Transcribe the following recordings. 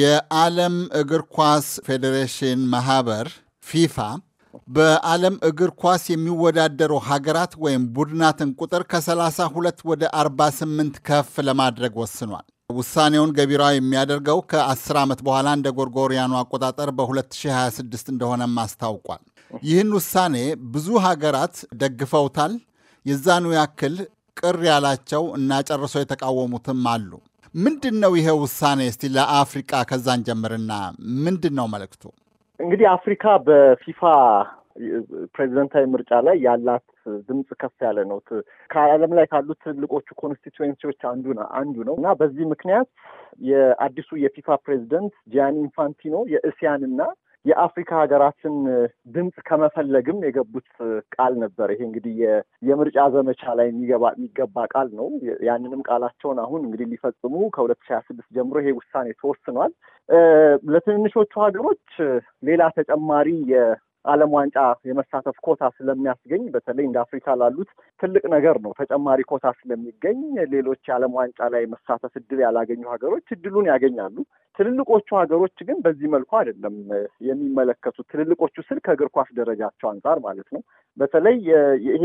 የዓለም እግር ኳስ ፌዴሬሽን ማህበር ፊፋ በዓለም እግር ኳስ የሚወዳደሩ ሀገራት ወይም ቡድናትን ቁጥር ከ32 ወደ 48 ከፍ ለማድረግ ወስኗል። ውሳኔውን ገቢራዊ የሚያደርገው ከ10 ዓመት በኋላ እንደ ጎርጎሪያኑ አቆጣጠር በ2026 እንደሆነም አስታውቋል። ይህን ውሳኔ ብዙ ሀገራት ደግፈውታል። የዛኑ ያክል ቅር ያላቸው እና ጨርሶ የተቃወሙትም አሉ። ምንድን ነው ይሄ ውሳኔ? እስቲ ለአፍሪቃ ከዛን ጀምርና ምንድን ነው መልእክቱ? እንግዲህ አፍሪካ በፊፋ ፕሬዚደንታዊ ምርጫ ላይ ያላት ድምፅ ከፍ ያለ ነው። ከዓለም ላይ ካሉት ትልቆቹ ኮንስቲትዌንሲዎች አንዱ አንዱ ነው እና በዚህ ምክንያት የአዲሱ የፊፋ ፕሬዚደንት ጂያኒ ኢንፋንቲኖ የእስያንና የአፍሪካ ሀገራትን ድምፅ ከመፈለግም የገቡት ቃል ነበር። ይሄ እንግዲህ የምርጫ ዘመቻ ላይ የሚገባ ቃል ነው። ያንንም ቃላቸውን አሁን እንግዲህ ሊፈጽሙ ከሁለት ሺህ ሀያ ስድስት ጀምሮ ይሄ ውሳኔ ተወስኗል። ለትንንሾቹ ሀገሮች ሌላ ተጨማሪ ዓለም ዋንጫ የመሳተፍ ኮታ ስለሚያስገኝ በተለይ እንደ አፍሪካ ላሉት ትልቅ ነገር ነው። ተጨማሪ ኮታ ስለሚገኝ ሌሎች የዓለም ዋንጫ ላይ መሳተፍ እድል ያላገኙ ሀገሮች እድሉን ያገኛሉ። ትልልቆቹ ሀገሮች ግን በዚህ መልኩ አይደለም የሚመለከቱት። ትልልቆቹ ስል ከእግር ኳስ ደረጃቸው አንጻር ማለት ነው። በተለይ ይሄ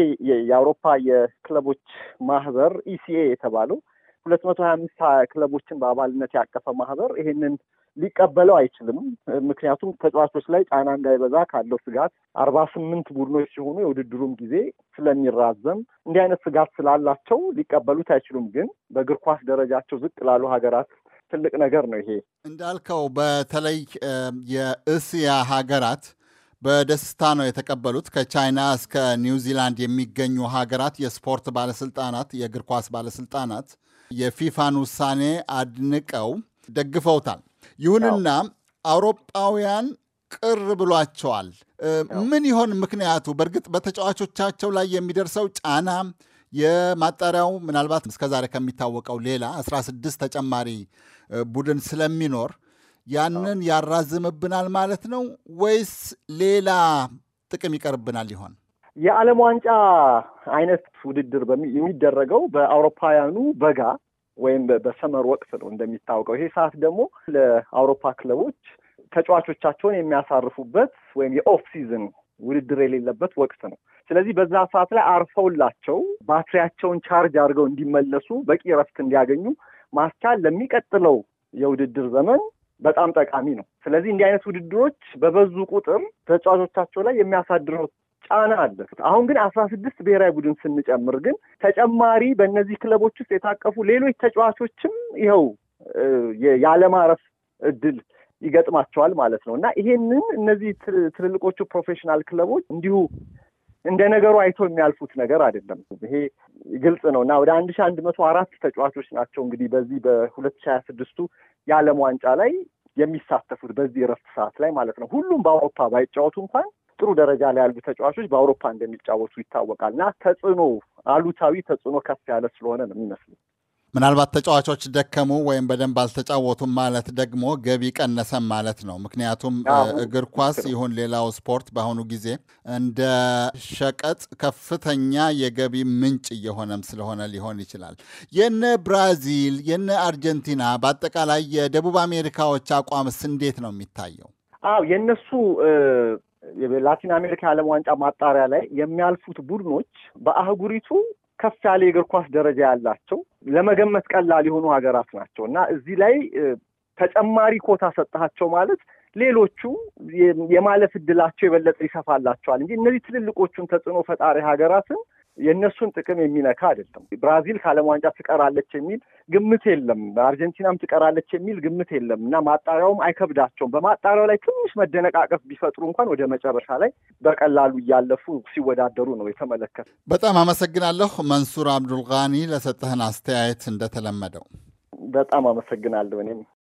የአውሮፓ የክለቦች ማህበር ኢሲኤ የተባለው ሁለት መቶ ሀያ አምስት ክለቦችን በአባልነት ያቀፈ ማህበር ይሄንን ሊቀበለው አይችልም። ምክንያቱም ተጫዋቾች ላይ ጫና እንዳይበዛ ካለው ስጋት አርባ ስምንት ቡድኖች ሲሆኑ የውድድሩም ጊዜ ስለሚራዘም እንዲህ አይነት ስጋት ስላላቸው ሊቀበሉት አይችሉም። ግን በእግር ኳስ ደረጃቸው ዝቅ ላሉ ሀገራት ትልቅ ነገር ነው። ይሄ እንዳልከው በተለይ የእስያ ሀገራት በደስታ ነው የተቀበሉት። ከቻይና እስከ ኒውዚላንድ የሚገኙ ሀገራት የስፖርት ባለስልጣናት፣ የእግር ኳስ ባለስልጣናት የፊፋን ውሳኔ አድንቀው ደግፈውታል። ይሁንና አውሮጳውያን ቅር ብሏቸዋል። ምን ይሆን ምክንያቱ? በእርግጥ በተጫዋቾቻቸው ላይ የሚደርሰው ጫና የማጣሪያው ምናልባት እስከዛሬ ከሚታወቀው ሌላ 16 ተጨማሪ ቡድን ስለሚኖር ያንን ያራዝምብናል ማለት ነው ወይስ ሌላ ጥቅም ይቀርብናል ይሆን? የዓለም ዋንጫ አይነት ውድድር የሚደረገው በአውሮፓውያኑ በጋ ወይም በሰመር ወቅት ነው እንደሚታወቀው። ይሄ ሰዓት ደግሞ ለአውሮፓ ክለቦች ተጫዋቾቻቸውን የሚያሳርፉበት ወይም የኦፍ ሲዝን ውድድር የሌለበት ወቅት ነው። ስለዚህ በዛ ሰዓት ላይ አርፈውላቸው ባትሪያቸውን ቻርጅ አድርገው እንዲመለሱ በቂ እረፍት እንዲያገኙ ማስቻል ለሚቀጥለው የውድድር ዘመን በጣም ጠቃሚ ነው። ስለዚህ እንዲህ አይነት ውድድሮች በበዙ ቁጥር ተጫዋቾቻቸው ላይ የሚያሳድረው ጫና አለበት። አሁን ግን አስራ ስድስት ብሔራዊ ቡድን ስንጨምር ግን ተጨማሪ በእነዚህ ክለቦች ውስጥ የታቀፉ ሌሎች ተጫዋቾችም ይኸው ያለማረፍ እድል ይገጥማቸዋል ማለት ነው እና ይሄንን እነዚህ ትልልቆቹ ፕሮፌሽናል ክለቦች እንዲሁ እንደ ነገሩ አይቶ የሚያልፉት ነገር አይደለም። ይሄ ግልጽ ነው እና ወደ አንድ ሺ አንድ መቶ አራት ተጫዋቾች ናቸው እንግዲህ በዚህ በሁለት ሺ ሀያ ስድስቱ የዓለም ዋንጫ ላይ የሚሳተፉት በዚህ እረፍት ሰዓት ላይ ማለት ነው። ሁሉም በአውሮፓ ባይጫወቱ እንኳን ጥሩ ደረጃ ላይ ያሉ ተጫዋቾች በአውሮፓ እንደሚጫወቱ ይታወቃል እና ተጽዕኖ አሉታዊ ተጽዕኖ ከፍ ያለ ስለሆነ ነው የሚመስሉ ምናልባት ተጫዋቾች ደከሙ ወይም በደንብ አልተጫወቱም ማለት ደግሞ ገቢ ቀነሰም ማለት ነው። ምክንያቱም እግር ኳስ ይሁን ሌላው ስፖርት በአሁኑ ጊዜ እንደ ሸቀጥ ከፍተኛ የገቢ ምንጭ እየሆነም ስለሆነ ሊሆን ይችላል። የነ ብራዚል የነ አርጀንቲና በአጠቃላይ የደቡብ አሜሪካዎች አቋምስ እንዴት ነው የሚታየው? አው የእነሱ የላቲን አሜሪካ የዓለም ዋንጫ ማጣሪያ ላይ የሚያልፉት ቡድኖች በአህጉሪቱ ከፍ ያለ የእግር ኳስ ደረጃ ያላቸው ለመገመት ቀላል የሆኑ ሀገራት ናቸው እና እዚህ ላይ ተጨማሪ ኮታ ሰጠሃቸው ማለት ሌሎቹ የማለፍ እድላቸው የበለጠ ይሰፋላቸዋል እንጂ እነዚህ ትልልቆቹን ተጽዕኖ ፈጣሪ ሀገራትን የእነሱን ጥቅም የሚነካ አይደለም። ብራዚል ከዓለም ዋንጫ ትቀራለች የሚል ግምት የለም። አርጀንቲናም ትቀራለች የሚል ግምት የለም እና ማጣሪያውም አይከብዳቸውም። በማጣሪያው ላይ ትንሽ መደነቃቀፍ ቢፈጥሩ እንኳን ወደ መጨረሻ ላይ በቀላሉ እያለፉ ሲወዳደሩ ነው የተመለከተ። በጣም አመሰግናለሁ መንሱር አብዱልቃኒ ለሰጠህን አስተያየት እንደተለመደው በጣም አመሰግናለሁ እኔም